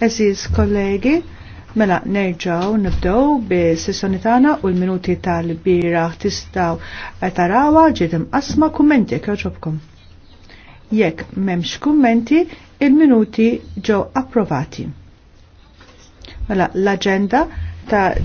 Eżiz kollegi, mela nerġaw nibdow bi sessjoni tagħna u l-minuti tal-bira tistgħu tarawa ġiet imqasma kummenti jekk Jekk m'hemmx kummenti, il-minuti ġew approvati. Mela l-aġenda ta'